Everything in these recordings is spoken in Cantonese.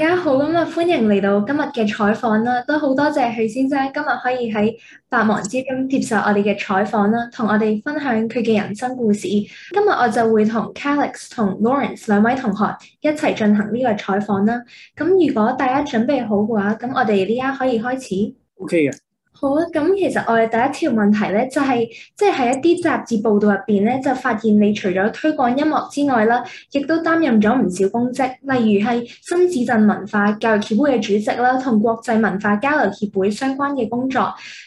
大家好，咁啊，歡迎嚟到今日嘅採訪啦，都好多謝許先生今日可以喺百忙之中接受我哋嘅採訪啦，同我哋分享佢嘅人生故事。今日我就會同 Calix 同 Lawrence 兩位同學一齊進行呢個採訪啦。咁如果大家準備好嘅話，咁我哋呢家可以開始。O K 嘅。好啊，咁其實我哋第一條問題咧，就係即係喺一啲雜誌報道入邊咧，就發現你除咗推廣音樂之外啦，亦都擔任咗唔少公職，例如係新市鎮文化教育協會嘅主席啦，同國際文化交流協會相關嘅工作。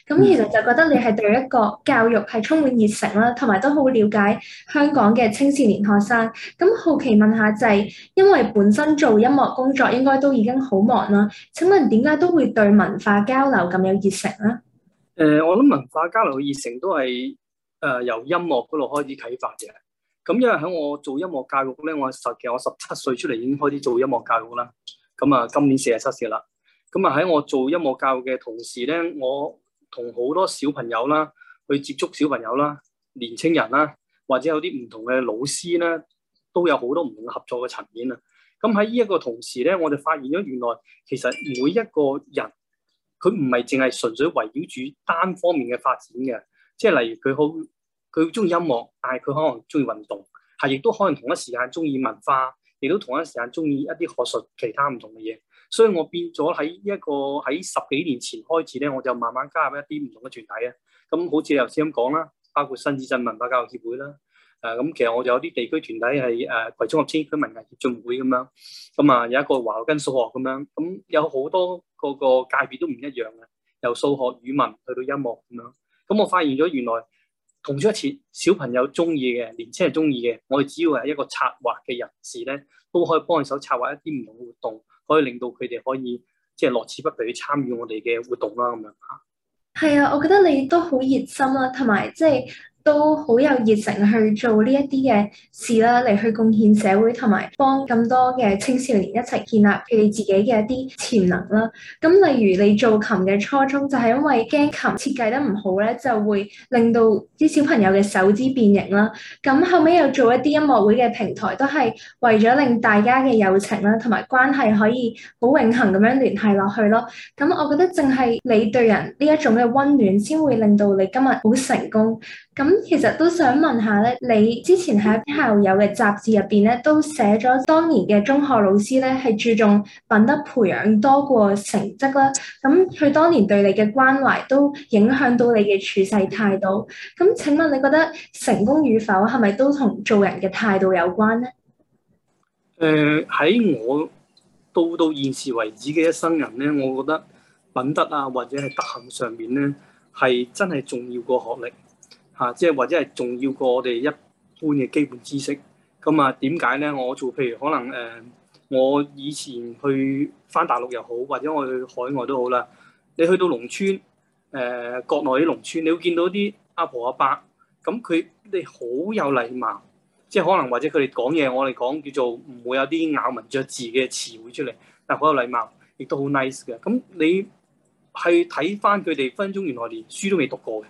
咁其實就覺得你係對一個教育係充滿熱誠啦，同埋都好了解香港嘅青少年學生。咁好奇問下就係、是，因為本身做音樂工作應該都已經好忙啦，請問點解都會對文化交流咁有熱誠咧？誒、呃，我諗文化交流嘅熱誠都係誒、呃、由音樂嗰度開始啟發嘅。咁因為喺我做音樂教育咧，我實其實我十七歲出嚟已經開始做音樂教育啦。咁啊，今年四十七歲啦。咁啊喺我做音樂教育嘅同時咧，我同好多小朋友啦，去接觸小朋友啦、年青人啦，或者有啲唔同嘅老師啦，都有好多唔同合作嘅層面啊。咁喺呢一個同時咧，我就發現咗原來其實每一個人。佢唔係淨係純粹圍繞住單方面嘅發展嘅，即係例如佢好佢中意音樂，但係佢可能中意運動，係亦都可能同一時間中意文化，亦都同一時間中意一啲學術其他唔同嘅嘢。所以，我變咗喺一個喺十幾年前開始咧，我就慢慢加入一啲唔同嘅團體啊。咁好似你頭先咁講啦，包括新市鎮文化教育協會啦。誒咁，其實我哋有啲地區團體係誒葵涌及青衣區文藝協進會咁樣，咁啊有一個華羅庚數學咁樣，咁有好多嗰個界別都唔一樣嘅，由數學、語文去到音樂咁樣。咁我發現咗原來同出一次，小朋友中意嘅，年青人中意嘅，我哋只要係一個策劃嘅人士咧，都可以幫手策劃一啲唔同嘅活動，可以令到佢哋可以即係樂此不疲去參與我哋嘅活動啦咁樣。係 啊，我覺得你都好熱心啦，同埋即係。都好有熱誠去做呢一啲嘅事啦，嚟去貢獻社會，同埋幫咁多嘅青少年一齊建立佢哋自己嘅一啲潛能啦。咁例如你做琴嘅初衷就係、是、因為驚琴設計得唔好咧，就會令到啲小朋友嘅手指變形啦。咁後尾又做一啲音樂會嘅平台，都係為咗令大家嘅友情啦，同埋關係可以好永恆咁樣聯繫落去咯。咁我覺得淨係你對人呢一種嘅溫暖，先會令到你今日好成功。咁咁其實都想問下咧，你之前喺校友嘅雜誌入邊咧，都寫咗當年嘅中學老師咧，係注重品德培養多過成績啦。咁佢當年對你嘅關懷都影響到你嘅處世態度。咁請問你覺得成功與否係咪都同做人嘅態度有關呢？誒，呃，喺我到到現時為止嘅一生人咧，我覺得品德啊，或者係德行上面咧，係真係重要過學歷。啊，即係或者係重要過我哋一般嘅基本知識。咁啊，點解咧？我做譬如可能誒、呃，我以前去翻大陸又好，或者我去海外都好啦。你去到農村，誒、呃、國內啲農村，你會見到啲阿婆阿伯，咁佢哋好有禮貌，即係可能或者佢哋講嘢，我哋講叫做唔會有啲咬文嚼字嘅詞彙出嚟，但好有禮貌，亦都好 nice 嘅。咁你去睇翻佢哋分分鐘原來連書都未讀過嘅。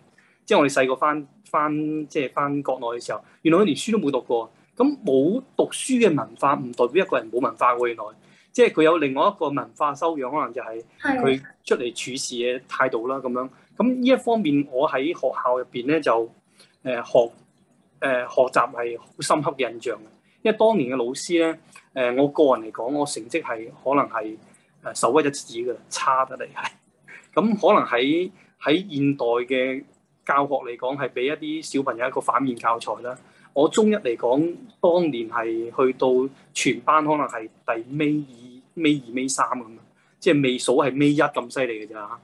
即係我哋細個翻翻即係翻國內嘅時候，原來佢連書都冇讀過，咁冇讀書嘅文化，唔代表一個人冇文化嘅原來，即係佢有另外一個文化修養，可能就係佢出嚟處事嘅態度啦，咁樣。咁、嗯、呢一方面，我喺學校入邊咧就誒、呃、學誒、呃、學習係好深刻嘅印象嘅，因為當年嘅老師咧誒、呃，我個人嚟講，我成績係可能係誒、呃、首屈一指噶，差得嚟係咁，可能喺喺現代嘅。教學嚟講係俾一啲小朋友一個反面教材啦。我中一嚟講，當年係去到全班可能係第尾二、尾二、尾三咁即係未數係尾一咁犀利嘅啫。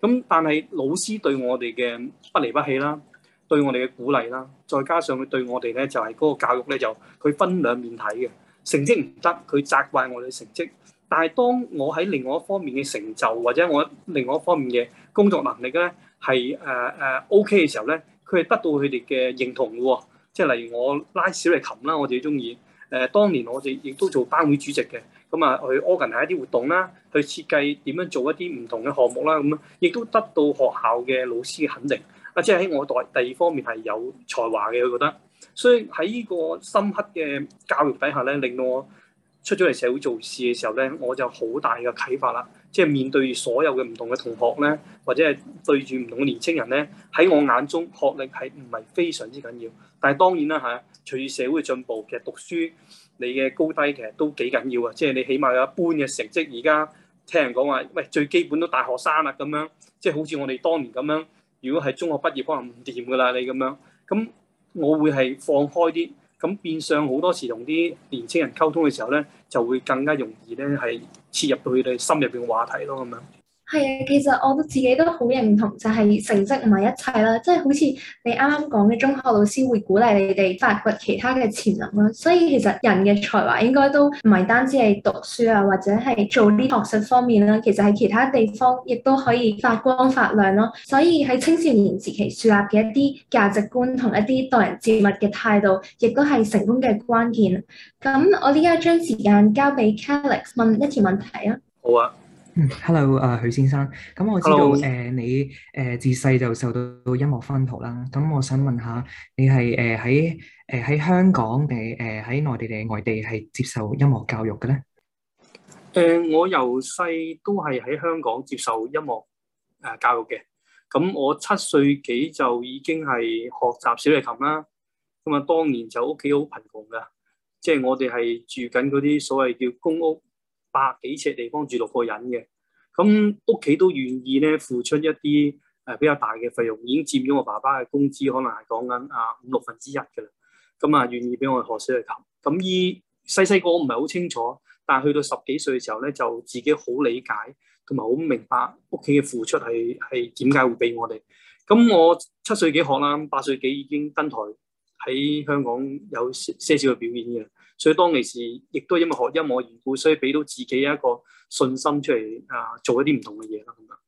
咁但係老師對我哋嘅不離不棄啦，對我哋嘅鼓勵啦，再加上佢對我哋咧就係嗰個教育咧就佢分兩面睇嘅。成績唔得，佢責怪我哋成績；但係當我喺另外一方面嘅成就或者我另外一方面嘅工作能力咧。係誒誒 O K 嘅時候咧，佢係得到佢哋嘅認同嘅喎、哦。即係例如我拉小提琴啦，我自己中意。誒、呃，當年我哋亦都做班會主席嘅，咁、嗯、啊去 organ 係一啲活動啦，去設計點樣做一啲唔同嘅項目啦，咁、嗯、啊，亦都得到學校嘅老師肯定。啊、呃，即係喺我代第二方面係有才華嘅，佢覺得。所以喺呢個深刻嘅教育底下咧，令到我出咗嚟社會做事嘅時候咧，我就好大嘅啟發啦。即係面對所有嘅唔同嘅同學咧，或者係對住唔同嘅年青人咧，喺我眼中學歷係唔係非常之緊要？但係當然啦嚇，隨住社會嘅進步，其實讀書你嘅高低其實都幾緊要啊！即係你起碼有一般嘅成績，而家聽人講話，喂，最基本都大學生啦咁樣，即係好似我哋當年咁樣，如果係中學畢業可能唔掂㗎啦你咁樣，咁我會係放開啲。咁變相好多時同啲年青人溝通嘅時候咧，就會更加容易咧，係切入到佢哋心入邊嘅話題咯，咁樣。係啊，其實我自己都好認同，就係成績唔係一切啦。即係好似你啱啱講嘅，中學老師會鼓勵你哋發掘其他嘅潛能啦。所以其實人嘅才華應該都唔係單止係讀書啊，或者係做啲學術方面啦。其實喺其他地方亦都可以發光發亮咯。所以喺青少年時期樹立嘅一啲價值觀同一啲待人接物嘅態度，亦都係成功嘅關鍵。咁我呢家將時間交俾 Calix 問一條問題啊。好啊。h e l l o 啊，Hello, 許先生，咁、嗯、我知道誒 Hello.、呃、你誒、呃、自細就受到音樂薰陶啦。咁、嗯、我想問下，你係誒喺誒喺香港定誒喺內地定外地係接受音樂教育嘅咧？誒、呃，我由細都係喺香港接受音樂誒教育嘅。咁、嗯、我七歲幾就已經係學習小提琴啦。咁、嗯、啊，當年就屋企好貧窮嘅，即係我哋係住緊嗰啲所謂叫公屋。百幾尺地方住六個人嘅，咁屋企都願意咧付出一啲誒比較大嘅費用，已經佔咗我爸爸嘅工資，可能係講緊啊五六分之一嘅啦。咁啊願意俾我去學小提琴。咁依細細個我唔係好清楚，但係去到十幾歲嘅時候咧，就自己好理解同埋好明白屋企嘅付出係係點解會俾我哋。咁我七歲幾學啦，八歲幾已經登台喺香港有些少嘅表演嘅。所以當其時，亦都因為學音樂緣故，所以俾到自己一個信心出嚟啊，做一啲唔同嘅嘢啦咁樣。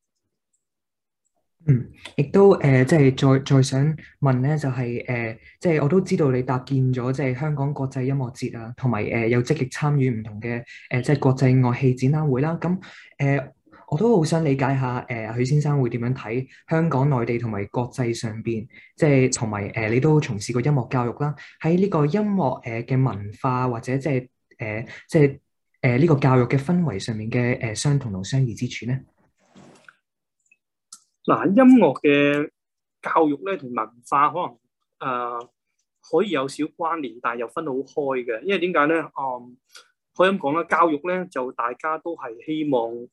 嗯，亦都誒，即、呃、係、就是、再再想問咧，就係、是、誒，即、呃、係、就是、我都知道你搭建咗即係香港國際音樂節啊，呃、同埋誒有積極參與唔同嘅誒即係國際樂器展覽會啦。咁、嗯、誒。呃我都好想理解下，誒、呃，許先生會點樣睇香港、內地同埋國際上邊，即係同埋誒，你都從事過音樂教育啦。喺呢個音樂誒嘅文化或者即係誒、呃、即係誒呢個教育嘅氛圍上面嘅誒、呃、相同同相異之處咧。嗱，音樂嘅教育咧同文化可能誒、呃、可以有少許關聯，但係又分得好開嘅。因為點解咧？嗯，可以咁講啦，教育咧就大家都係希望。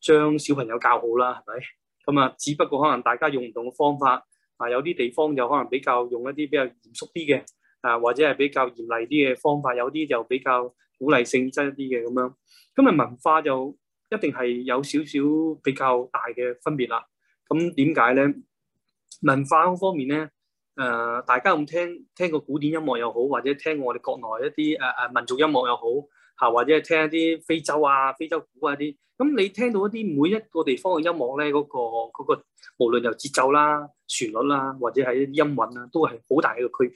將小朋友教好啦，係咪？咁啊，只不過可能大家用唔同嘅方法，啊有啲地方就可能比較用一啲比較嚴肅啲嘅，啊或者係比較嚴厲啲嘅方法，有啲就比較鼓勵性質一啲嘅咁樣。咁啊，文化就一定係有少少比較大嘅分別啦。咁點解咧？文化方面咧，誒、呃、大家咁聽聽過古典音樂又好，或者聽過我哋國內一啲誒誒民族音樂又好。嚇，或者係聽一啲非洲啊、非洲鼓啊啲，咁你聽到一啲每一個地方嘅音樂咧，嗰個嗰個無論由節奏啦、旋律啦，或者係音韻啦、啊，都係好大嘅一個區別。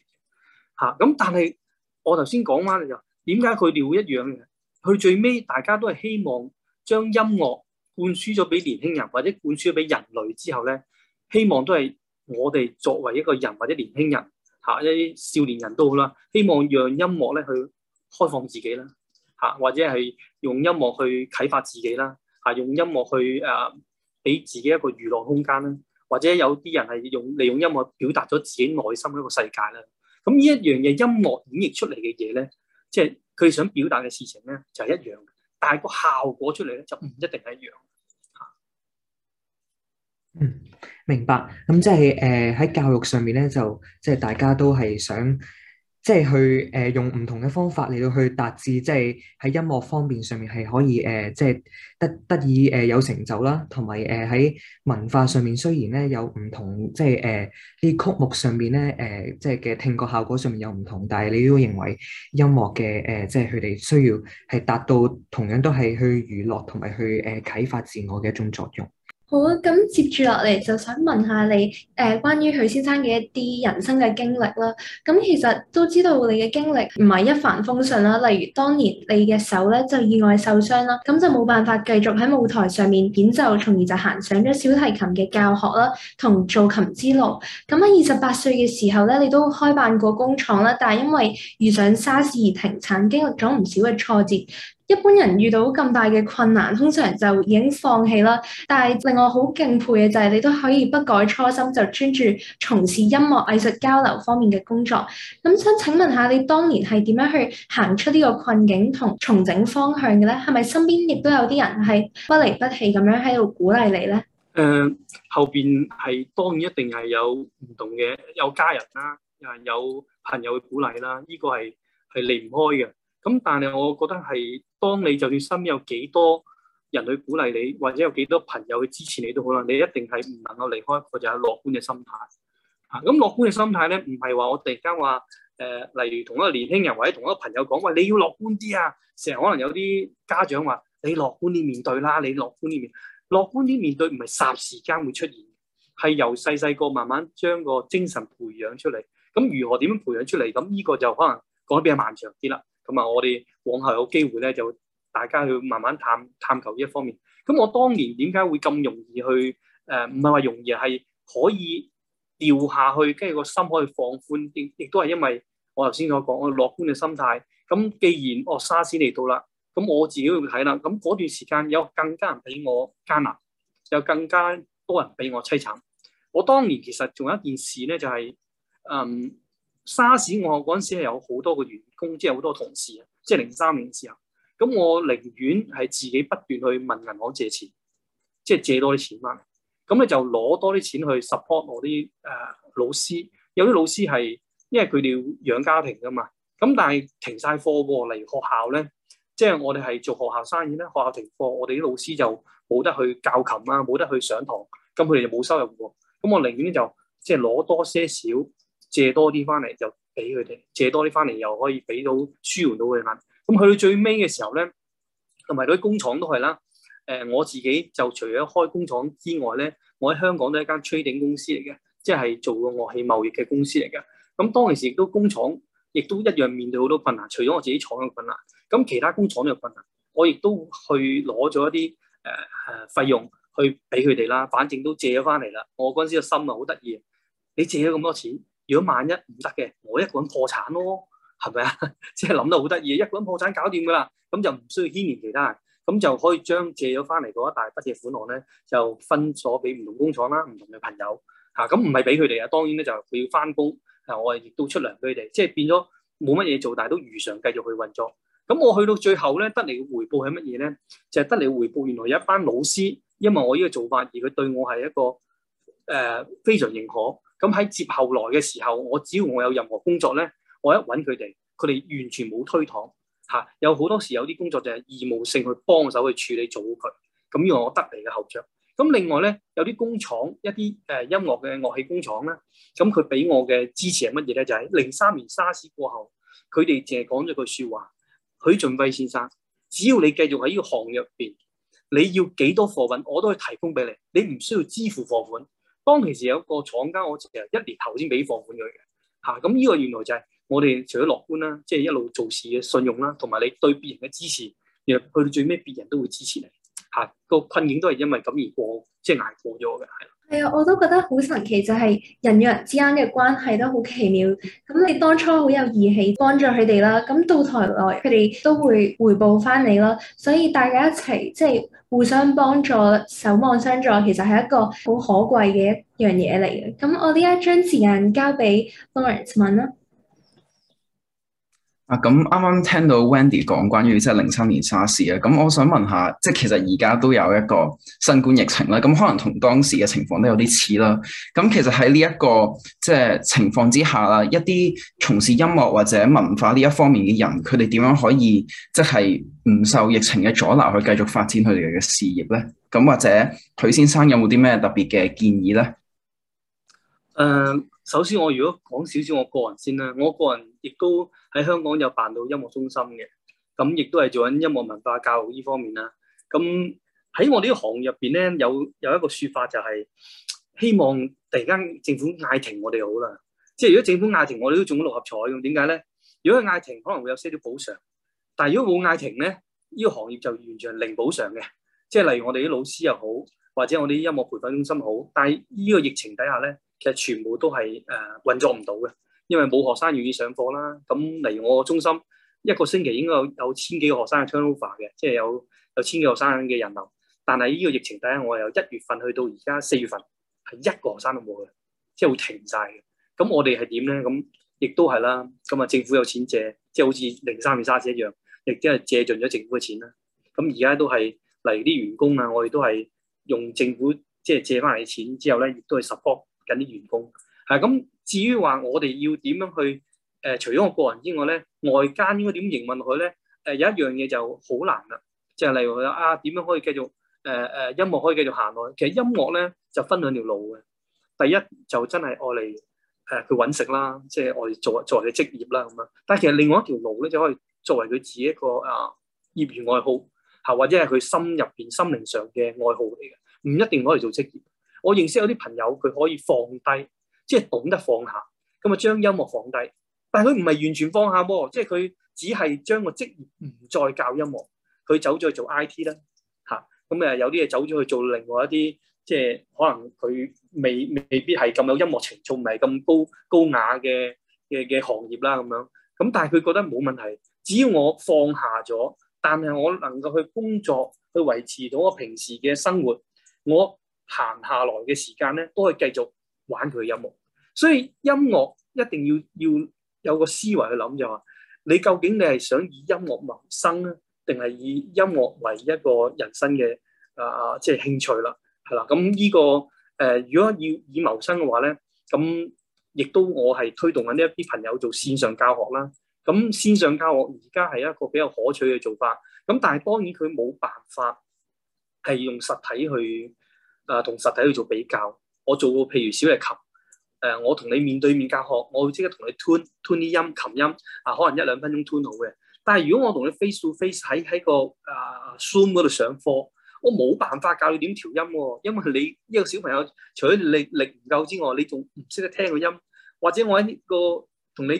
嚇、啊，咁但係我頭先講翻就點解佢哋會一樣嘅？佢最尾大家都係希望將音樂灌輸咗俾年輕人，或者灌輸咗俾人類之後咧，希望都係我哋作為一個人或者年輕人嚇、啊、一啲少年人都好啦，希望讓音樂咧去開放自己啦。或者係用音樂去啟發自己啦，啊，用音樂去誒俾自己一個娛樂空間啦，或者有啲人係用利用音樂表達咗自己內心一個世界啦。咁呢一樣嘢，音樂演繹出嚟嘅嘢咧，即係佢想表達嘅事情咧，就係一樣，但係個效果出嚟咧，就唔一定係一樣。嗯，明白。咁即係誒喺教育上面咧，就即係、就是、大家都係想。即係去誒、呃、用唔同嘅方法嚟到去達至，即係喺音樂方面上面係可以誒、呃，即係得得以誒、呃、有成就啦，同埋誒喺文化上面雖然咧有唔同，即係誒啲曲目上面咧誒、呃，即係嘅聽覺效果上面有唔同，但係你都認為音樂嘅誒，即係佢哋需要係達到同樣都係去娛樂同埋去誒啟、呃、發自我嘅一種作用。好，咁接住落嚟就想問下你，誒、呃、關於許先生嘅一啲人生嘅經歷啦。咁、嗯、其實都知道你嘅經歷唔係一帆風順啦，例如當年你嘅手咧就意外受傷啦，咁、嗯、就冇辦法繼續喺舞台上面演奏，從而就行上咗小提琴嘅教學啦同做琴之路。咁喺二十八歲嘅時候咧，你都開辦過工廠啦，但係因為遇上沙士而停產，經歷咗唔少嘅挫折。一般人遇到咁大嘅困難，通常就已經放棄啦。但係令我好敬佩嘅就係，你都可以不改初心，就專注從事音樂藝術交流方面嘅工作。咁想請問下，你當年係點樣去行出呢個困境同重整方向嘅咧？係咪身邊亦都有啲人係不離不棄咁樣喺度鼓勵你咧？誒、呃，後邊係當然一定係有唔同嘅，有家人啦，啊有朋友嘅鼓勵啦，呢、呢個係係離唔開嘅。咁但係我覺得係。當你就算身邊有幾多人去鼓勵你，或者有幾多朋友去支持你都好啦，你一定係唔能夠離開一個就係樂觀嘅心態。啊、嗯，咁樂觀嘅心態咧，唔係話我突然間話誒，例如同一個年輕人或者同一個朋友講，喂，你要樂觀啲啊！成日可能有啲家長話你樂觀啲面對啦，你樂觀啲面樂觀啲面對，唔係霎時間會出現，係由細細個慢慢將個精神培養出嚟。咁如何點樣培養出嚟？咁呢個就可能講得比較漫長啲啦。咁啊，我哋往後有機會咧，就大家去慢慢探探求呢一方面。咁我當年點解會咁容易去？誒、呃，唔係話容易啊，係可以掉下去，跟住個心可以放寬啲，亦都係因為我頭先所講我樂觀嘅心態。咁既然我沙士嚟到啦，咁我自己會睇啦。咁嗰段時間有更加人俾我艱難，有更加多人俾我凄慘。我當年其實仲有一件事咧，就係、是、嗯。沙士我學嗰陣時係有好多個員工，即係好多同事啊！即係零三年時候，咁我寧願係自己不斷去問銀行借錢，即係借多啲錢翻，咁咧就攞多啲錢去 support 我啲誒、呃、老師。有啲老師係因為佢哋要養家庭噶嘛，咁但係停晒課喎嚟學校咧，即係我哋係做學校生意咧，學校停課，我哋啲老師就冇得去教琴啊，冇得去上堂，咁佢哋就冇收入喎。咁我寧願咧就即係攞多些少。借多啲翻嚟就俾佢哋，借多啲翻嚟又可以俾到舒緩到佢哋。咁去到最尾嘅時候咧，同埋嗰啲工廠都係啦。誒，我自己就除咗開工廠之外咧，我喺香港都係間 trading 公司嚟嘅，即係做個樂器貿易嘅公司嚟嘅。咁當其時亦都工廠亦都一樣面對好多困難，除咗我自己廠嘅困難，咁其他工廠嘅困難，我亦都去攞咗一啲誒誒費用去俾佢哋啦。反正都借咗翻嚟啦，我嗰陣時個心啊好得意，你借咗咁多錢。如果萬一唔得嘅，我一個人破產咯，係咪啊？即係諗得好得意，一個人破產搞掂噶啦，咁就唔需要牽連其他人，咁就可以將借咗翻嚟嗰一大筆嘅款項咧，就分咗俾唔同工廠啦、唔同嘅朋友嚇。咁唔係俾佢哋啊，當然咧就佢要翻工，我亦都出糧俾佢哋，即係變咗冇乜嘢做，但係都如常繼續去運作。咁我去到最後咧，得嚟嘅回報係乜嘢咧？就係、是、得嚟嘅回報，原來有一班老師，因為我呢個做法而佢對我係一個誒、呃、非常認可。咁喺接後來嘅時候，我只要我有任何工作咧，我一揾佢哋，佢哋完全冇推搪嚇、啊。有好多時有啲工作就係義務性去幫手去處理做好佢。咁呢個我得嚟嘅後著。咁另外咧，有啲工廠一啲誒、呃、音樂嘅樂器工廠咧，咁佢俾我嘅支持係乜嘢咧？就係零三年沙士過後，佢哋淨係講咗句説話，許俊輝先生，只要你繼續喺呢個行業入邊，你要幾多貨品，我都會提供俾你，你唔需要支付貨款。當其時有個廠家，我其實一年頭先俾貨款佢嘅，嚇，咁呢個原來就係我哋除咗樂觀啦，即係一路做事嘅信用啦，同埋你對別人嘅支持，然後去到最尾別人都會支持你，嚇、啊這個困境都係因為咁而過，即係捱過咗嘅，係。係啊，我都覺得好神奇，就係、是、人與人之間嘅關係都好奇妙。咁你當初好有義氣幫助佢哋啦，咁到台來佢哋都會回報翻你咯。所以大家一齊即係互相幫助、守望相助，其實係一個好可貴嘅一樣嘢嚟嘅。咁我呢一將時間交俾 Lawrence 問啦。啊，咁啱啱聽到 Wendy 講關於即係零三年沙士啊，咁我想問下，即係其實而家都有一個新冠疫情咧，咁可能同當時嘅情況都有啲似啦。咁其實喺呢一個即係情況之下啦，一啲從事音樂或者文化呢一方面嘅人，佢哋點樣可以即係唔受疫情嘅阻撓去繼續發展佢哋嘅事業咧？咁或者許先生有冇啲咩特別嘅建議咧？嗯、uh。首先，我如果講少少我個人先啦，我個人亦都喺香港有辦到音樂中心嘅，咁亦都係做緊音樂文化教育呢方面啦。咁喺我哋啲行業入面呢，有有一個説法就係希望突然間政府嗌停我哋好啦，即係如果政府嗌停我哋都中咗六合彩咁點解咧？如果嗌停可能會有些少補償，但係如果冇嗌停咧，呢個行業就完全係零補償嘅。即係例如我哋啲老師又好，或者我哋啲音樂培訓中心好，但係呢個疫情底下咧，就全部都係誒運作唔到嘅，因為冇學生願意上課啦。咁嚟我中心一個星期應該有有千幾個學生嘅 turnover 嘅，即係有有千幾個學生嘅人流。但係呢個疫情底下，我由一月份去到而家四月份係一個學生都冇嘅，即係會停晒嘅。咁我哋係點咧？咁亦都係啦。咁啊，政府有錢借，即係好似零三年沙士一樣，亦都係借盡咗政府嘅錢啦。咁而家都係嚟啲員工啊，我哋都係用政府即係借翻嚟錢之後咧，亦都係 support 緊啲員工係咁、嗯，至於話我哋要點樣去誒、呃、除咗我個人之外咧，外間應該點營運落去咧？誒、呃、有一樣嘢就好難啦，即係例如啊，點樣可以繼續誒誒、呃、音樂可以繼續行落去？其實音樂咧就分兩條路嘅。第一就真係愛嚟誒佢揾食啦，即係我嚟做作為佢職業啦咁樣。但係其實另外一條路咧就可以作為佢自己一個啊業餘愛好，係或者係佢心入邊、心靈上嘅愛好嚟嘅，唔一定攞嚟做職業。我認識有啲朋友，佢可以放低，即係懂得放下，咁啊將音樂放低。但係佢唔係完全放下喎，即係佢只係將個職業唔再教音樂，佢走咗去做 IT 啦，啊，嚇。咁啊有啲嘢走咗去做另外一啲，即係可能佢未未必係咁有音樂情操，唔係咁高高雅嘅嘅嘅行業啦咁樣。咁但係佢覺得冇問題，只要我放下咗，但係我能夠去工作，去維持到我平時嘅生活，我，閒下來嘅時間咧，都可以繼續玩佢嘅音樂，所以音樂一定要要有個思維去諗就話、是，你究竟你係想以音樂謀生咧，定係以音樂為一個人生嘅啊、呃、即係興趣啦，係啦。咁呢、個誒、呃，如果要以，以謀生嘅話咧，咁亦都我係推動緊呢一啲朋友做綫上教學啦。咁綫上教學而家係一個比較可取嘅做法，咁但係當然佢冇辦法係用實體去。啊，同實體去做比較，我做過譬如小提琴，誒、呃，我同你面對面教學，我會即刻同你 tune tune 啲音，琴音啊，可能一兩分鐘 tune 好嘅。但係如果我同你 face to face 喺喺個啊、uh, zoom 嗰度上課，我冇辦法教你點調音喎、哦，因為你一個小朋友除咗力力唔夠之外，你仲唔識得聽個音，或者我喺呢、這個同你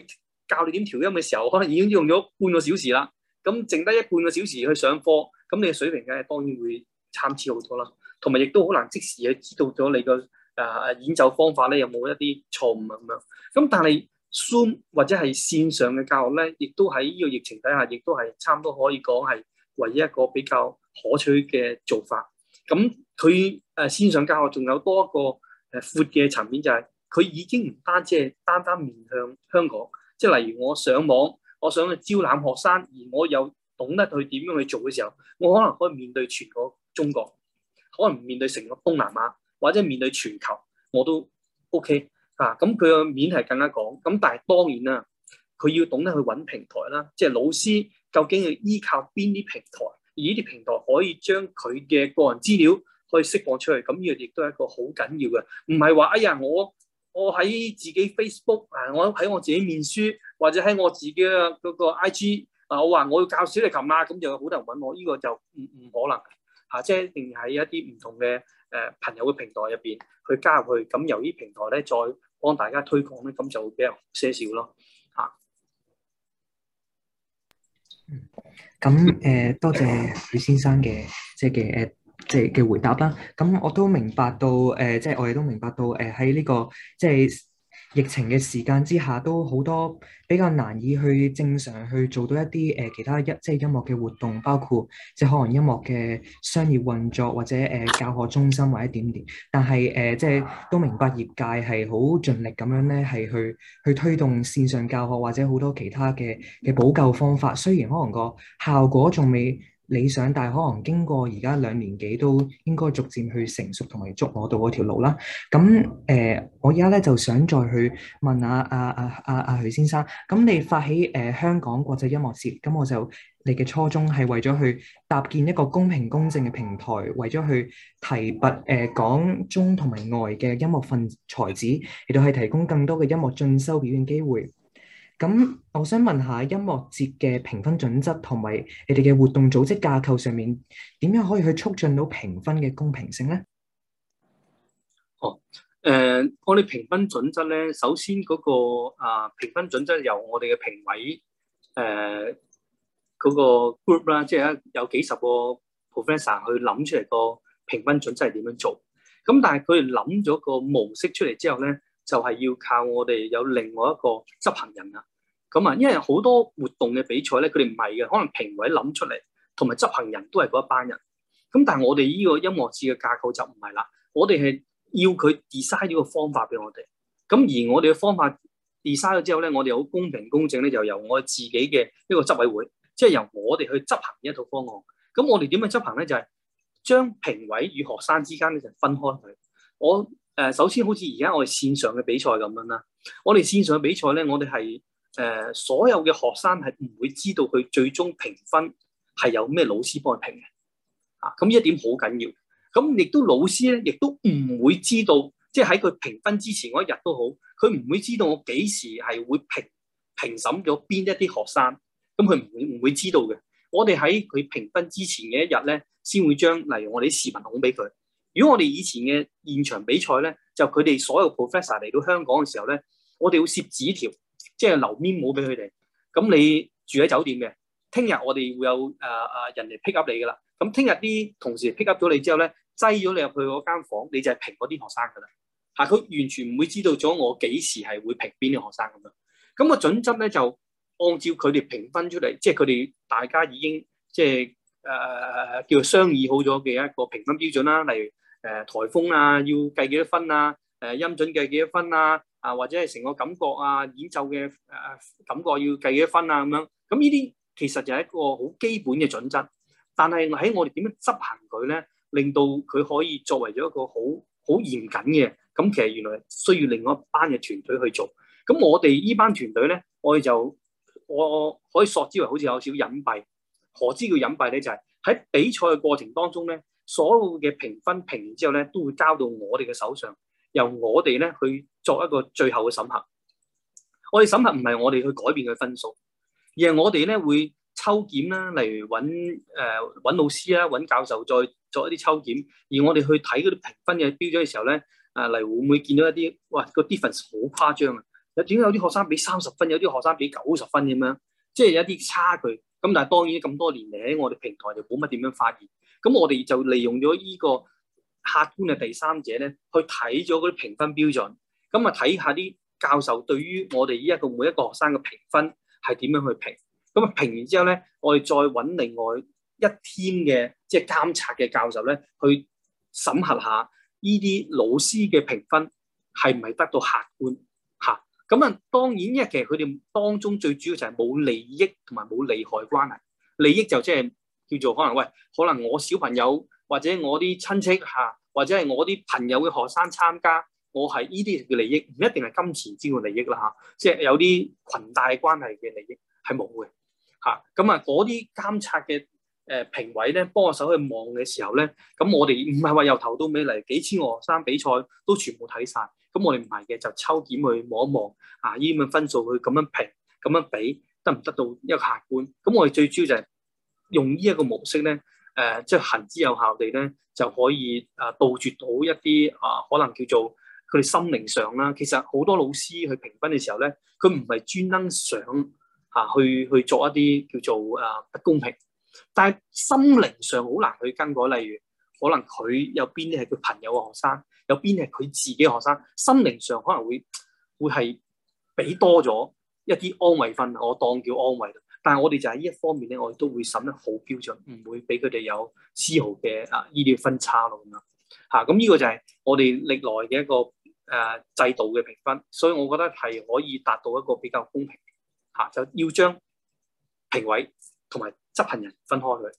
教你點調音嘅時候，可能已經用咗半個小時啦，咁剩低一半個小時去上課，咁你嘅水平梗係當然會參差好多啦。同埋，亦都好難即時去知道咗你個誒誒演奏方法咧，有冇一啲錯誤啊？咁樣咁，但係 Zoom 或者係線上嘅教學咧，亦都喺呢個疫情底下，亦都係差唔多可以講係唯一一個比較可取嘅做法。咁佢誒線上教學仲有多一個誒闊嘅層面，就係，就係佢已經唔單止係單單面向香港，即係例如我上網，我想去招攬學生，而我又懂得去點樣去做嘅時候，我可能可以面對全個中國。可能面對成個東南亞或者面對全球我都 OK 啊，咁佢個面係更加廣。咁但係當然啦，佢要懂得去揾平台啦。即係老師究竟要依靠邊啲平台？而呢啲平台可以將佢嘅個人資料可以釋放出去。咁呢個亦都係一個好緊要嘅。唔係話哎呀，我我喺自己 Facebook 啊，我喺我自己面書或者喺我自己嘅嗰個 IG 啊，我話我要教小提琴啊，咁就有好多人揾我。呢個就唔唔可能。啊，即係一定喺一啲唔同嘅誒朋友嘅平台入邊去加入去，咁由呢平台咧再幫大家推廣咧，咁就會比較些少咯，嚇。嗯，咁誒多謝許先生嘅即係嘅誒即係嘅回答啦。咁我都明白到誒，即係我哋都明白到誒喺呢個即係。疫情嘅時間之下，都好多比較難以去正常去做到一啲誒、呃、其他一即音即係音樂嘅活動，包括即係可能音樂嘅商業運作，或者誒、呃、教學中心或者點點。但係誒、呃、即係都明白業界係好盡力咁樣咧，係去去推動線上教學或者好多其他嘅嘅補救方法。雖然可能個效果仲未理想，但係可能經過而家兩年幾，都應該逐漸去成熟同埋捉摸到嗰條路啦。咁誒、呃，我而家咧就想再去問下阿阿阿阿許先生，咁你發起誒、呃、香港國際音樂節，咁我就你嘅初衷係為咗去搭建一個公平公正嘅平台，為咗去提拔誒港、呃、中同埋外嘅音樂份才子，亦都係提供更多嘅音樂進修表演機會。咁，我想問下音樂節嘅評分準則同埋你哋嘅活動組織架構上面，點樣可以去促進到評分嘅公平性咧？哦，誒，我哋評分準則咧，首先嗰個啊評分準則由我哋嘅評委誒嗰個 group 啦，即係有幾十個 professor 去諗出嚟個評分準則係點樣做。咁但係佢哋諗咗個模式出嚟之後咧，就係要靠我哋有另外一個執行人啊，咁啊，因為好多活動嘅比賽咧，佢哋唔係嘅，可能評委諗出嚟，同埋執行人都係嗰一班人。咁但係我哋呢個音樂節嘅架構就唔係啦，我哋係要佢 design 呢個方法俾我哋。咁而我哋嘅方法 design 咗之後咧，我哋好公平公正咧，就由我哋自己嘅呢個執委會，即係由我哋去執行呢一套方案。咁我哋點樣執行咧？就係將評委與學生之間咧就分開去。我誒、呃，首先好似而家我哋線上嘅比賽咁樣啦，我哋線上嘅比賽咧，我哋係誒所有嘅學生係唔會知道佢最終評分係有咩老師幫佢評嘅，啊，咁呢一點好緊要。咁、啊、亦都老師咧，亦都唔會知道，即係喺佢評分之前嗰一日都好，佢唔會知道我幾時係會評評審咗邊一啲學生，咁佢唔會唔會知道嘅。我哋喺佢評分之前嘅一日咧，先會將例如我哋啲視頻送俾佢。如果我哋以前嘅現場比賽咧，就佢哋所有 professor 嚟到香港嘅時候咧，我哋會攝紙條，即係留 memo 俾佢哋。咁你住喺酒店嘅，聽日我哋會有誒誒人嚟 pick up 你噶啦。咁聽日啲同事 pick up 咗你之後咧，擠咗你入去嗰間房，你就係評嗰啲學生噶啦。係佢完全唔會知道咗我幾時係會評邊啲學生咁樣。咁個準則咧就按照佢哋評分出嚟，即係佢哋大家已經即係誒、呃、叫做商議好咗嘅一個評分標準啦，例如。誒、呃，台風啊，要計幾多分啊？誒、呃，音準計幾多分啊？啊，或者係成個感覺啊，演奏嘅誒、呃、感覺要計幾多分啊？咁樣，咁呢啲其實就係一個好基本嘅準則。但係喺我哋點樣執行佢咧，令到佢可以作為咗一個好好嚴謹嘅，咁、嗯、其實原來需要另外一班嘅團隊去做。咁、嗯、我哋呢班團隊咧，我哋就我我可以索之為好似有少隱蔽。何之叫隱蔽咧？就係、是、喺比賽嘅過程當中咧。所有嘅評分評完之後咧，都會交到我哋嘅手上，由我哋咧去作一個最後嘅審核。我哋審核唔係我哋去改變佢分數，而係我哋咧會抽檢啦，例如揾誒揾老師啦，揾教授再作一啲抽檢。而我哋去睇嗰啲評分嘅標準嘅時候咧，啊例如會唔會見到一啲哇個 difference 好誇張啊，有點解有啲學生俾三十分，有啲學生俾九十分咁樣，即係有一啲差距。咁但係當然咁多年嚟喺我哋平台就冇乜點樣發現。咁我哋就利用咗依個客觀嘅第三者咧，去睇咗嗰啲評分標準，咁啊睇下啲教授對於我哋依一個每一個學生嘅評分係點樣去評，咁啊評完之後咧，我哋再揾另外一天嘅即係監察嘅教授咧去審核下依啲老師嘅評分係唔係得到客觀嚇。咁啊當然因為其實佢哋當中最主要就係冇利益同埋冇利害關係，利益就即係。叫做可能喂，可能我小朋友或者我啲親戚吓，或者係我啲朋友嘅學生參加，我係呢啲嘅利益，唔一定係金錢之外利益啦吓，即係有啲裙帶關係嘅利益係冇嘅吓，咁啊，嗰啲監察嘅誒評委咧，幫我手去望嘅時候咧，咁、嗯、我哋唔係話由頭到尾嚟幾千個學生比賽都全部睇晒。咁、嗯、我哋唔係嘅，就抽檢去望一望啊，呢啲嘅分數去咁樣評，咁樣比得唔得到一個客觀？咁、嗯、我哋最主要就係、是。用呢一個模式咧，誒、呃，即係行之有效地咧，就可以啊、呃、杜絕到一啲啊、呃、可能叫做佢哋。心靈上啦。其實好多老師去評分嘅時候咧，佢唔係專登想吓去、呃、去，去做一啲叫做誒不、呃、公平，但係心靈上好難去更改。例如，可能佢有邊啲係佢朋友嘅學生，有邊係佢自己嘅學生，心靈上可能會會係俾多咗一啲安慰分，我當叫安慰。但係我哋就喺呢一方面咧，我哋都會審得好標準，唔、嗯、會俾佢哋有絲毫嘅啊醫療分差咯咁樣嚇。咁呢個就係我哋歷來嘅一個誒、啊、制度嘅評分，所以我覺得係可以達到一個比較公平嚇、啊。就要將評委同埋執行人分開去。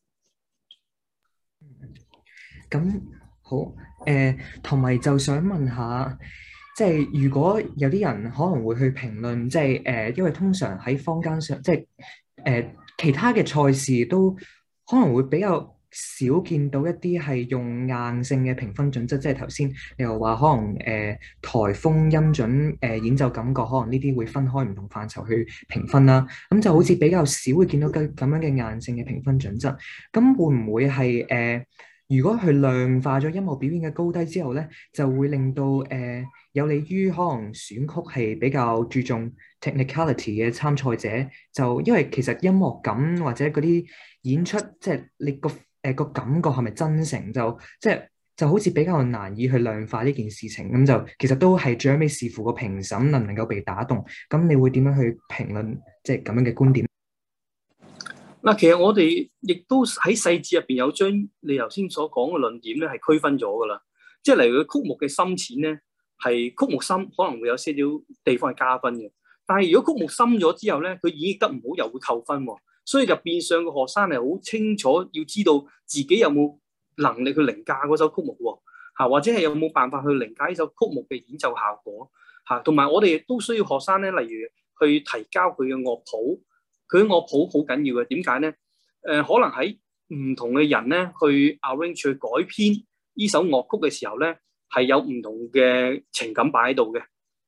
咁好誒，同、呃、埋就想問下，即、就、係、是、如果有啲人可能會去評論，即係誒，因為通常喺坊間上即係。就是誒，其他嘅賽事都可能會比較少見到一啲係用硬性嘅評分準則，即係頭先你又話可能誒颱風、音準、呃、誒、呃、演奏感覺可能呢啲會分開唔同範疇去評分啦，咁就好似比較少會見到咁咁樣嘅硬性嘅評分準則，咁會唔會係誒？呃如果佢量化咗音樂表演嘅高低之後咧，就會令到誒、呃、有利於可能選曲係比較注重 technicality 嘅參賽者，就因為其實音樂感或者嗰啲演出，即、就、係、是、你個誒個感覺係咪真誠，就即係、就是、就好似比較難以去量化呢件事情，咁就其實都係最尾視乎個評審能唔能夠被打動，咁你會點樣去評論即係咁樣嘅觀點？嗱，其實我哋亦都喺細節入邊有將你頭先所講嘅論點咧，係區分咗㗎啦。即係例如個曲目嘅深淺咧，係曲目深可能會有些少地方係加分嘅。但係如果曲目深咗之後咧，佢演繹得唔好又會扣分喎。所以就變相個學生係好清楚要知道自己有冇能力去凌駕嗰首曲目喎，或者係有冇辦法去凌駕呢首曲目嘅演奏效果嚇。同埋我哋都需要學生咧，例如去提交佢嘅樂譜。佢喺樂譜好緊要嘅，點解咧？誒、呃，可能喺唔同嘅人咧去 arrange 去改編呢首樂曲嘅時候咧，係有唔同嘅情感擺喺度嘅。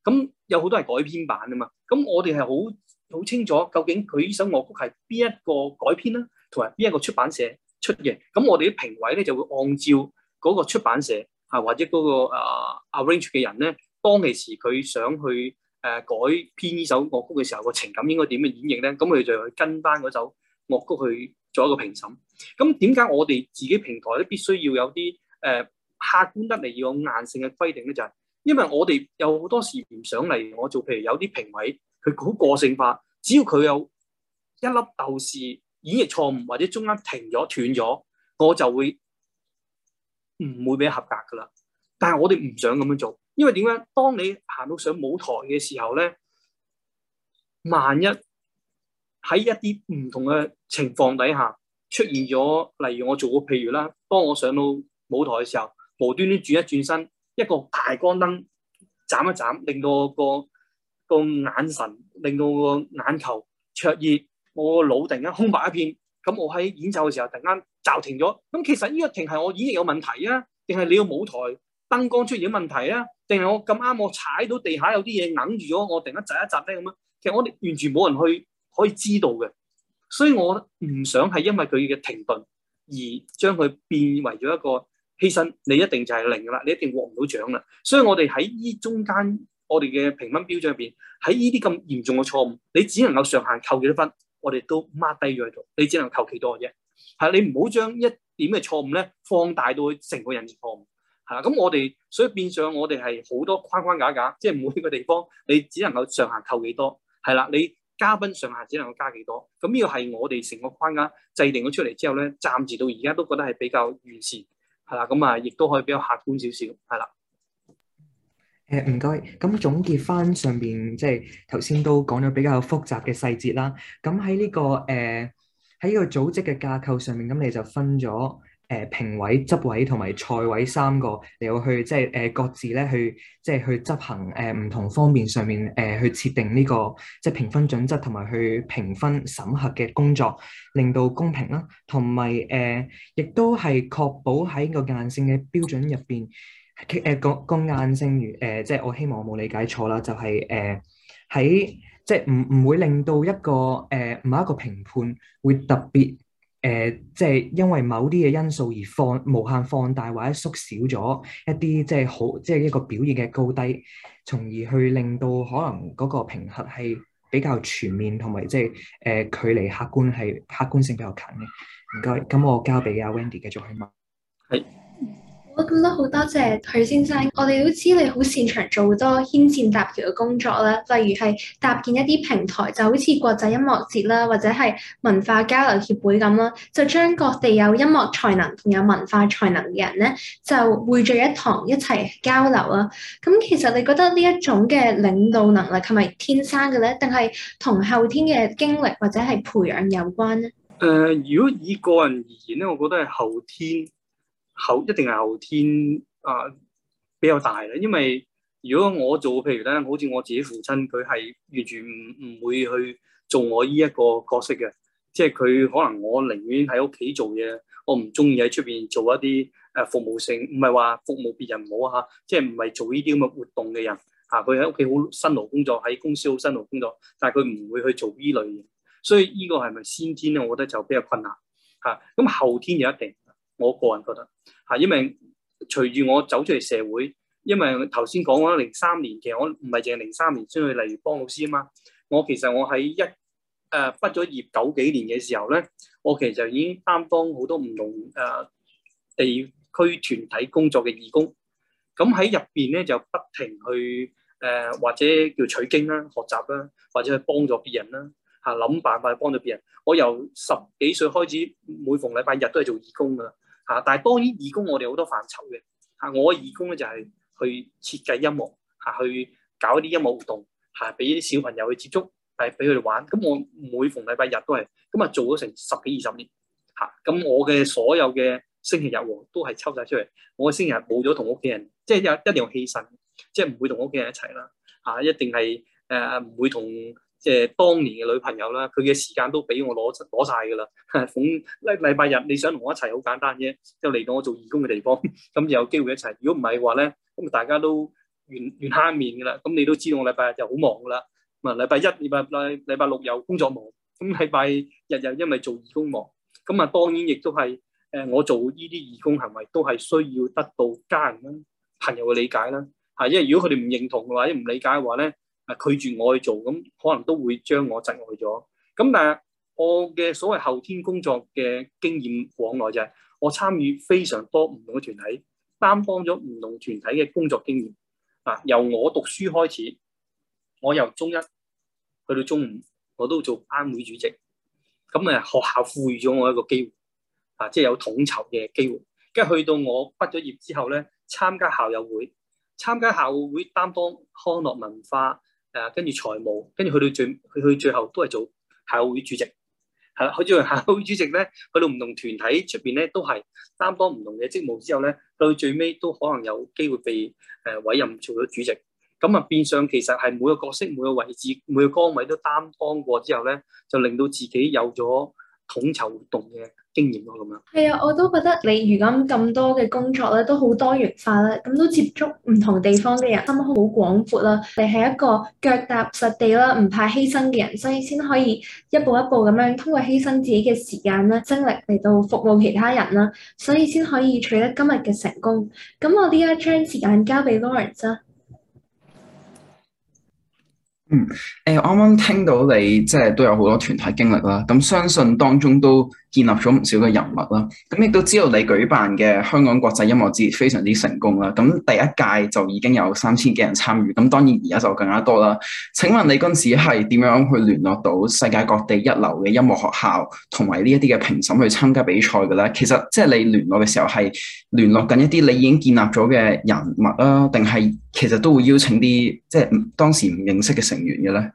咁有好多係改編版啊嘛。咁我哋係好好清楚究竟佢呢首樂曲係邊一個改編啦，同埋邊一個出版社出嘅。咁我哋啲評委咧就會按照嗰個出版社啊，或者嗰、嗰個、uh, arrange 嘅人咧，當其時佢想去。誒，改編呢首樂曲嘅時候，個情感應該點樣演繹咧？咁佢就去跟翻嗰首樂曲去做一個評審。咁點解我哋自己平台咧，必須要有啲誒客觀得嚟，要有硬性嘅規定咧？就係因為我哋有好多時唔想嚟，我做譬如有啲評委，佢好個性化，只要佢有一粒豆豉演繹錯誤，或者中間停咗斷咗，我就會唔會俾合格噶啦。但係我哋唔想咁樣做。因為點解？當你行到上舞台嘅時候咧，萬一喺一啲唔同嘅情況底下出現咗，例如我做個譬如啦，當我上到舞台嘅時候，無端端轉一轉身，一個大光燈斬一斬，令到我個個眼神，令到個眼球灼熱，我個腦突然間空白一片，咁我喺演奏嘅時候突然間驟停咗，咁其實呢個停係我演繹有問題啊，定係你個舞台？燈光出現問題咧，定係我咁啱我踩到地下有啲嘢揞住咗，我突然間窒一窒咧咁啊！其實我哋完全冇人去可，可以知道嘅，所以我唔想係因為佢嘅停頓而將佢變為咗一個犧牲。你一定就係零㗎啦，你一定獲唔到獎啦。所以我哋喺依中間，我哋嘅評分標準入邊，喺呢啲咁嚴重嘅錯誤，你只能夠上限扣幾多分，我哋都 mark 低咗喺度。你只能夠扣幾多嘅啫，係你唔好將一點嘅錯誤咧放大到成個人錯誤。係啦，咁我哋所以變相我哋係好多框框架架，即係每個地方你只能夠上限扣幾多，係啦，你嘉賓上限只能夠加幾多，咁呢個係我哋成個框架制定咗出嚟之後咧，暫時到而家都覺得係比較完善，係啦，咁啊，亦都可以比較客觀少少，係啦。誒唔該，咁總結翻上邊即係頭先都講咗比較複雜嘅細節啦。咁喺呢個誒喺呢個組織嘅架構上面，咁你就分咗。誒評委、執委同埋賽委三個，你要去即係誒各自咧去即係去執行誒唔同方面上面誒、呃、去設定呢個即係評分準則，同埋去評分審核嘅工作，令到公平啦、啊，同埋誒亦都係確保喺個硬性嘅標準入邊，誒、呃、個個硬性如誒，即係我希望我冇理解錯啦，就係誒喺即係唔唔會令到一個唔、呃、某一個評判會特別。誒，即係因為某啲嘅因素而放無限放大或者縮小咗一啲，即係好，即係一個表現嘅高低，從而去令到可能嗰個評核係比較全面同埋即係誒距離客觀係客觀性比較近嘅。唔該，咁我交俾阿 Wendy 繼續去問。係。我覺得好多謝許先生，我哋都知你好擅長做好多牽線搭橋嘅工作啦，例如係搭建一啲平台，就好似國際音樂節啦，或者係文化交流協會咁啦，就將各地有音樂才能同有文化才能嘅人咧，就匯聚一堂一齊交流啦。咁、嗯、其實你覺得呢一種嘅領導能力係咪天生嘅咧，定係同後天嘅經歷或者係培養有關咧？誒、呃，如果以個人而言咧，我覺得係後天。後一定係後天啊、呃，比較大咧。因為如果我做，譬如咧，好似我自己父親，佢係完全唔唔會去做我呢一個角色嘅。即係佢可能我寧願喺屋企做嘢，我唔中意喺出邊做一啲誒服務性，唔係話服務別人唔好啊，即係唔係做呢啲咁嘅活動嘅人啊。佢喺屋企好辛勞工作，喺公司好辛勞工作，但係佢唔會去做呢類嘢。所以呢個係咪先天咧？我覺得就比較困難吓。咁、啊、後天就一定。我個人覺得嚇，因為隨住我走出嚟社會，因為頭先講咗零三年，其實我唔係淨係零三年先去，例如幫老師啊嘛。我其實我喺一誒、呃、畢咗業九幾年嘅時候咧，我其實就已經擔當好多唔同誒、呃、地區團體工作嘅義工。咁喺入邊咧就不停去誒、呃、或者叫取經啦、學習啦，或者去幫助別人啦。嚇，諗辦法去幫助別人。我由十幾歲開始，每逢禮拜日都係做義工噶喇。嚇！但係當然義工我哋好多範疇嘅嚇，我嘅義工咧就係去設計音樂嚇，去搞一啲音樂活動嚇，俾啲小朋友去接觸，係俾佢哋玩。咁我每逢禮拜日都係，咁啊做咗成十幾二十年嚇。咁我嘅所有嘅星期日和都係抽晒出嚟，我嘅星期日冇咗同屋企人，即係一一定要犧牲，即係唔會同屋企人一齊啦嚇，一定係誒唔會同。即係當年嘅女朋友啦，佢嘅時間都俾我攞攞曬㗎啦。逢禮禮拜日，你想同我一齊，好簡單啫，就嚟到我做義工嘅地方，咁 就有機會一齊。如果唔係話咧，咁大家都完完慳面㗎啦。咁你都知道我禮拜日就好忙㗎啦。咁啊禮拜一、禮拜禮拜六有工作忙，咁禮拜日又因為做義工忙，咁啊當然亦都係誒我做呢啲義工行為都係需要得到家人啦、朋友嘅理解啦。係因為如果佢哋唔認同嘅話，唔理解嘅話咧。啊！拒絕我去做，咁可能都會將我窒礙咗。咁但係我嘅所謂後天工作嘅經驗往來就係、是，我參與非常多唔同嘅團體，擔當咗唔同團體嘅工作經驗。嗱、啊，由我讀書開始，我由中一去到中五，我都做班會主席。咁啊，學校賦予咗我一個機會，啊，即係有統籌嘅機會。跟住去到我畢咗業之後咧，參加校友會，參加校友會擔當康樂文化。啊，跟住財務，跟住去到最去去最後都係做校會主席，係、啊、啦。開始做校會主席咧，去到唔同團體出邊咧，都係擔當唔同嘅職務之後咧，到最尾都可能有機會被誒、呃、委任做咗主席。咁啊，變相其實係每個角色、每個位置、每個崗位都擔當過之後咧，就令到自己有咗。統籌活動嘅經驗咯，咁樣係啊，我都覺得你如今咁多嘅工作咧，都好多元化啦，咁都接觸唔同地方嘅人，心好廣闊啦。你係一個腳踏實地啦，唔怕犧牲嘅人，所以先可以一步一步咁樣通過犧牲自己嘅時間啦，精力嚟到服務其他人啦，所以先可以取得今日嘅成功。咁我依家將時間交俾 Lawrence 啊。嗯，誒、欸，我啱啱聽到你即係都有好多團體經歷啦，咁相信當中都建立咗唔少嘅人物啦，咁亦都知道你舉辦嘅香港國際音樂節非常之成功啦。咁第一屆就已經有三千幾人參與，咁當然而家就更加多啦。請問你嗰時係點樣去聯絡到世界各地一流嘅音樂學校同埋呢一啲嘅評審去參加比賽嘅咧？其實即係、就是、你聯絡嘅時候係聯絡緊一啲你已經建立咗嘅人物啦，定係其實都會邀請啲即係當時唔認識嘅成員嘅咧？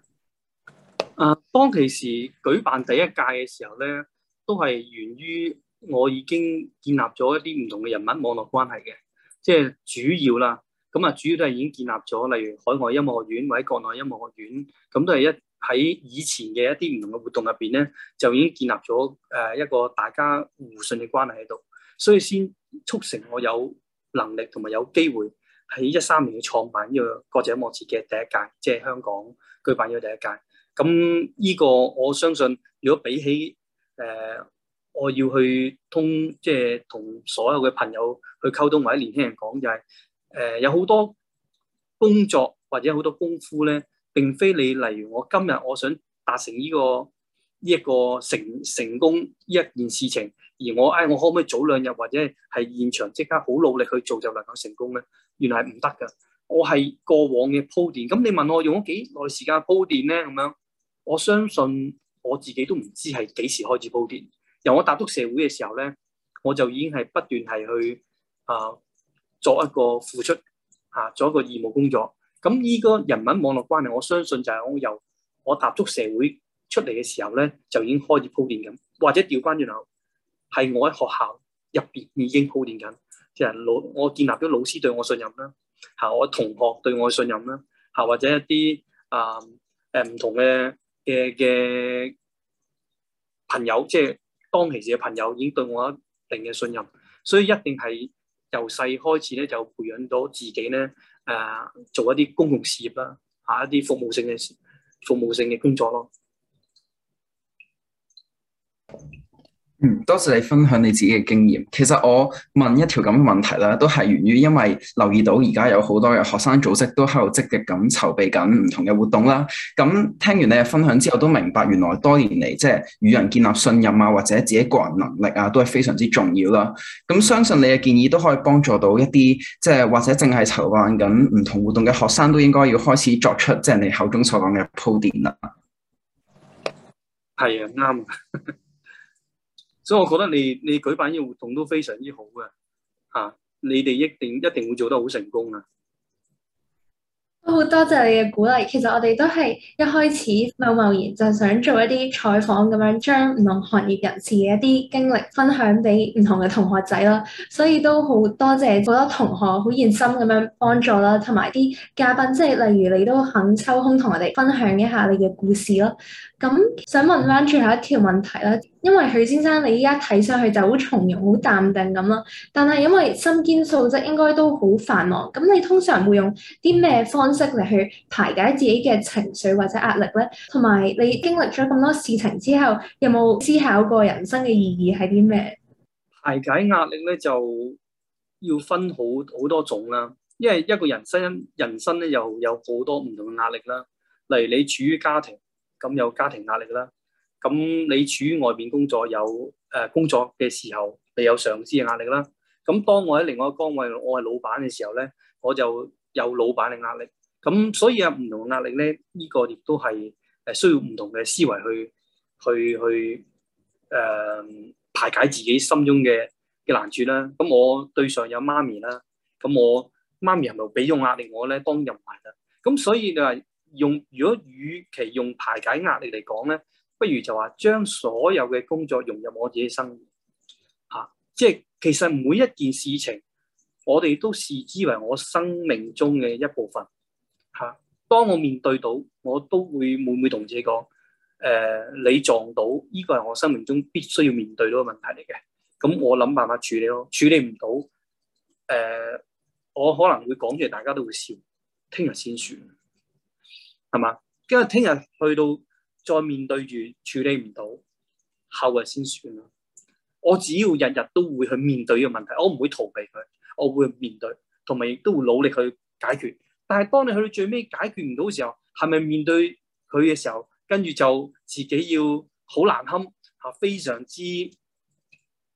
啊，當其時舉辦第一屆嘅時候咧。都係源於我已經建立咗一啲唔同嘅人物網絡關係嘅，即係主要啦。咁啊，主要都係已經建立咗，例如海外音樂學院或者國內音樂學院，咁都係一喺以前嘅一啲唔同嘅活動入邊咧，就已經建立咗誒一個大家互信嘅關係喺度，所以先促成我有能力同埋有機會喺一三年嘅創辦呢個國際音樂節嘅第一屆，即係香港舉辦嘅第一屆。咁呢個我相信，如果比起誒、呃，我要去通，即係同所有嘅朋友去溝通，或者年輕人講就係、是，誒、呃，有好多工作或者好多功夫咧，並非你例如我今日我想達成呢、這個呢一、這個成成功呢一件事情，而我誒、哎，我可唔可以早兩日或者係現場即刻好努力去做就能夠成功咧？原來係唔得噶，我係過往嘅鋪墊。咁你問我用咗幾耐時間鋪墊咧？咁樣，我相信。我自己都唔知係幾時開始鋪墊。由我踏足社會嘅時候咧，我就已經係不斷係去啊做一個付出，啊做一個義務工作。咁、啊、依、這個人民網絡關係，我相信就係我由我踏足社會出嚟嘅時候咧，就已經開始鋪墊緊。或者調翻轉頭，係我喺學校入邊已經鋪墊緊，其、就、係、是、老我建立咗老師對我信任啦，嚇、啊、我同學對我信任啦，嚇、啊、或者一啲啊誒唔、呃、同嘅。嘅嘅朋友，即係當其時嘅朋友，已經對我有一定嘅信任，所以一定係由細開始咧，就培養到自己咧，誒、呃，做一啲公共事業啦，吓、啊、一啲服務性嘅事，服務性嘅工作咯。嗯、多謝你分享你自己嘅經驗。其實我問一條咁嘅問題啦，都係源於因為留意到而家有好多嘅學生組織都喺度積極咁籌備緊唔同嘅活動啦。咁、嗯、聽完你嘅分享之後，都明白原來多年嚟即係與人建立信任啊，或者自己個人能力啊，都係非常之重要啦。咁、嗯、相信你嘅建議都可以幫助到一啲即係或者淨係籌辦緊唔同活動嘅學生，都應該要開始作出即係你口中所講嘅鋪墊啦。係啊，啱。 所以我覺得你你舉辦依個活動都非常之好嘅，吓、啊、你哋一定一定會做得好成功嘅。好多謝你嘅鼓勵，其實我哋都係一開始貿貿然就想做一啲採訪咁樣，將唔同行業人士嘅一啲經歷分享俾唔同嘅同學仔咯。所以都好多謝好多同學好熱心咁樣幫助啦，同埋啲嘉賓，即係例如你都肯抽空同我哋分享一下你嘅故事咯。咁想問翻最後一條問題啦。因為許先生你依家睇上去就好從容、好淡定咁咯，但係因為身兼數職，應該都好繁忙。咁你通常會用啲咩方式嚟去排解自己嘅情緒或者壓力咧？同埋你經歷咗咁多事情之後，有冇思考過人生嘅意義係啲咩？排解壓力咧，就要分好好多種啦。因為一個人生人生咧，又有好多唔同嘅壓力啦。例如你處於家庭，咁有家庭壓力啦。咁你處於外邊工作有誒、呃、工作嘅時候，你有上司嘅壓力啦。咁當我喺另外一個崗位，我係老闆嘅時候咧，我就有老闆嘅壓力。咁所以啊，唔同壓力咧，呢個亦都係誒需要唔同嘅思維去去去誒、呃、排解自己心中嘅嘅難處啦。咁我對上有媽咪啦，咁我媽咪係咪俾咗壓力我咧？當然唔係啦。咁所以你話用如果與其用排解壓力嚟講咧？不如就話將所有嘅工作融入我自己生活，吓、啊，即係其實每一件事情，我哋都視之為我生命中嘅一部分，吓、啊。當我面對到，我都會每每同自己講，誒、呃，你撞到呢、這個係我生命中必須要面對到嘅問題嚟嘅，咁、嗯、我諗辦法處理咯，處理唔到，誒、呃，我可能會講出嚟，大家都會笑，聽日先算，係嘛？因為聽日去到。再面對住處理唔到，後日先算啦。我只要日日都會去面對呢個問題，我唔會逃避佢，我會面對，同埋亦都會努力去解決。但係當你去到最尾解決唔到時候，係咪面對佢嘅時候，跟住就自己要好難堪嚇，非常之誒、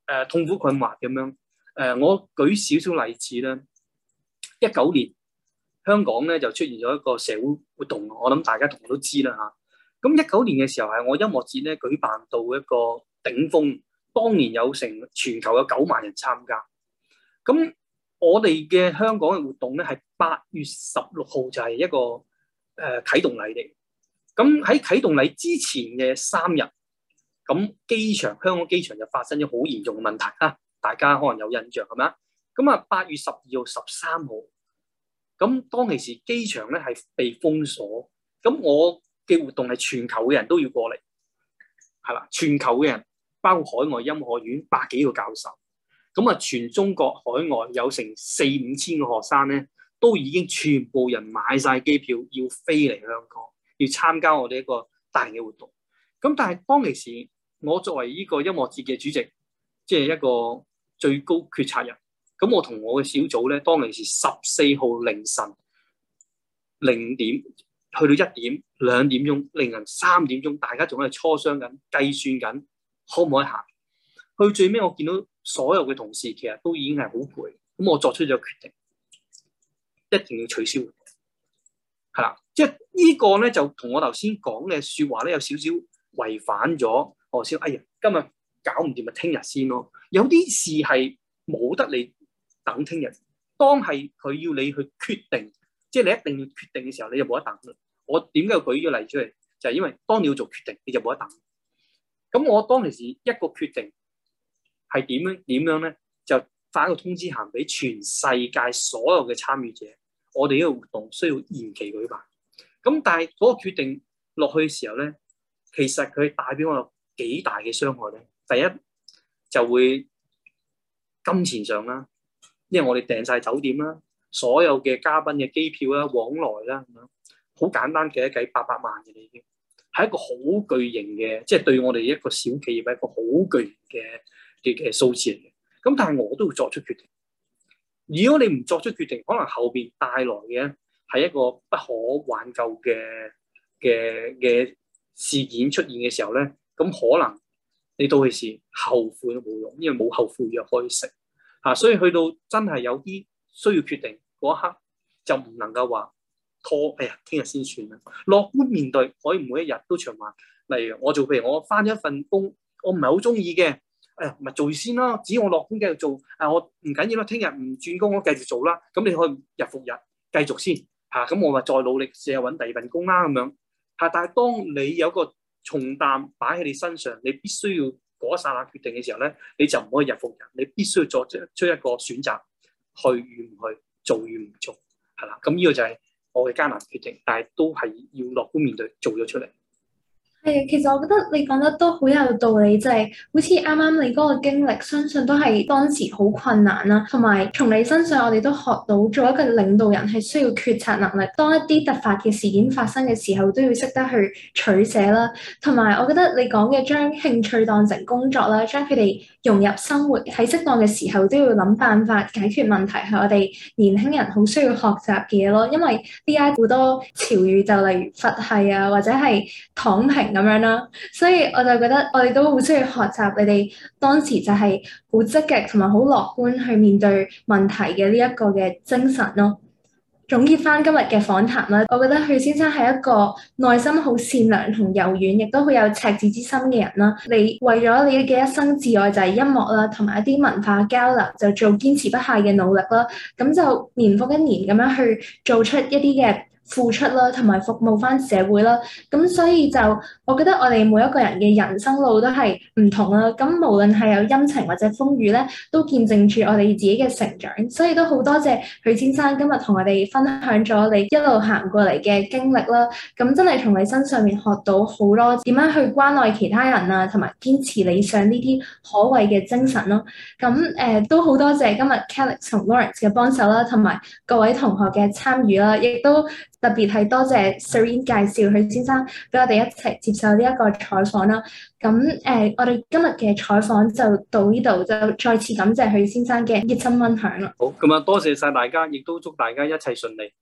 呃、痛苦困惑咁樣。誒、呃，我舉少少例子啦：一九年香港咧就出現咗一個社會活動，我諗大家同我都知啦嚇。咁一九年嘅時候係我音樂節咧舉辦到一個頂峰，當年有成全球有九萬人參加。咁我哋嘅香港嘅活動咧係八月十六號就係一個誒、啟動禮嚟。咁喺啟動禮之前嘅三日，咁機場，香港機場就發生咗好嚴重嘅問題啦。大家可能有印象係咪啊？咁啊，八月十二號、十三號，咁當其時機場咧係被封鎖，咁我。嘅活動係全球嘅人都要過嚟，係啦，全球嘅人包括海外音樂學院百幾個教授，咁啊，全中國海外有成四五千個學生咧，都已經全部人買晒機票要飛嚟香港，要參加我哋一個大型嘅活動。咁但係當其時，我作為呢個音樂節嘅主席，即係一個最高決策人，咁我同我嘅小組咧，當其時十四號凌晨零點。去到一點、兩點鐘、凌晨三點鐘，大家仲喺度磋商緊、計算緊，可唔可以行？去最尾我見到所有嘅同事其實都已經係好攰，咁我作出咗決定，一定要取消，係啦。即係呢個咧就同我頭先講嘅説話咧有少少違反咗。我先，哎呀，今日搞唔掂咪聽日先咯。有啲事係冇得你等聽日，當係佢要你去決定，即係你一定要決定嘅時候，你就冇得等。我點解要舉個例出嚟？就係、是、因為當你要做決定，你就冇得等。咁我當其時一個決定係點樣點樣咧？就發一個通知函俾全世界所有嘅參與者，我哋呢個活動需要延期舉辦。咁但係嗰個決定落去嘅時候咧，其實佢帶俾我有幾大嘅傷害咧。第一就會金錢上啦，因為我哋訂晒酒店啦，所有嘅嘉賓嘅機票啦、往來啦咁樣。好簡單嘅一計，八百萬嘅已經係一個好巨型嘅，即係對我哋一個小企業係一個好巨型嘅嘅嘅數字嚟嘅。咁但係我都會作出決定。如果你唔作出決定，可能後邊帶來嘅係一個不可挽救嘅嘅嘅事件出現嘅時候咧，咁可能你到時後悔都冇用，因為冇後悔藥可以食吓。所以去到真係有啲需要決定嗰一刻就，就唔能夠話。錯，哎呀，聽日先算啦。樂觀面對，可以每一日都長話。例如我做，譬如我翻咗一份工，我唔係好中意嘅，哎呀，咪做先咯。只要我樂觀繼續做，誒，我唔緊要咯，聽日唔轉工，我繼續做啦。咁你可以日復日繼續先，吓、啊、咁我咪再努力試下搵第二份工啦咁樣。吓、啊，但係當你有個重擔擺喺你身上，你必須要嗰剎那決定嘅時候咧，你就唔可以日復日，你必須要作出出一個選擇，去與唔去做與唔做，做，係啦。咁呢個就係、是。我嘅艱難決定，但係都係要樂觀面對，做咗出嚟。係其實我覺得你講得都好有道理，即係好似啱啱你嗰個經歷，相信都係當時好困難啦。同埋從你身上，我哋都學到做一個領導人係需要決策能力，當一啲突發嘅事件發生嘅時候，都要識得去取捨啦。同埋我覺得你講嘅將興趣當成工作啦，將佢哋融入生活，喺適當嘅時候都要諗辦法解決問題，係我哋年輕人好需要學習嘅嘢咯。因為呢啲好多潮語就例如佛系啊，或者係躺平。咁樣啦，所以我就覺得我哋都好需要學習你哋當時就係好積極同埋好樂觀去面對問題嘅呢一個嘅精神咯。總結翻今日嘅訪談啦，我覺得許先生係一個內心好善良同柔軟，亦都好有赤子之心嘅人啦。你為咗你嘅一生摯愛就係音樂啦，同埋一啲文化交流，就做堅持不懈嘅努力啦。咁就年復一年咁樣去做出一啲嘅。付出啦，同埋服務翻社會啦，咁所以就我覺得我哋每一個人嘅人生路都係唔同啦。咁無論係有陰晴或者風雨咧，都見證住我哋自己嘅成長。所以都好多謝許先生今日同我哋分享咗你一路行過嚟嘅經歷啦。咁真係從你身上面學到好多點樣去關愛其他人啊，同埋堅持理想呢啲可貴嘅精神咯。咁誒、呃、都好多謝今日 Calix 同 Lawrence 嘅幫手啦，同埋各位同學嘅參與啦，亦都。特別係多謝 Serene 介紹許先生俾我哋一齊接受呢一個採訪啦。咁誒、呃，我哋今日嘅採訪就到呢度，就再次感謝許先生嘅熱心分享啦。好，咁啊，多謝晒大家，亦都祝大家一切順利。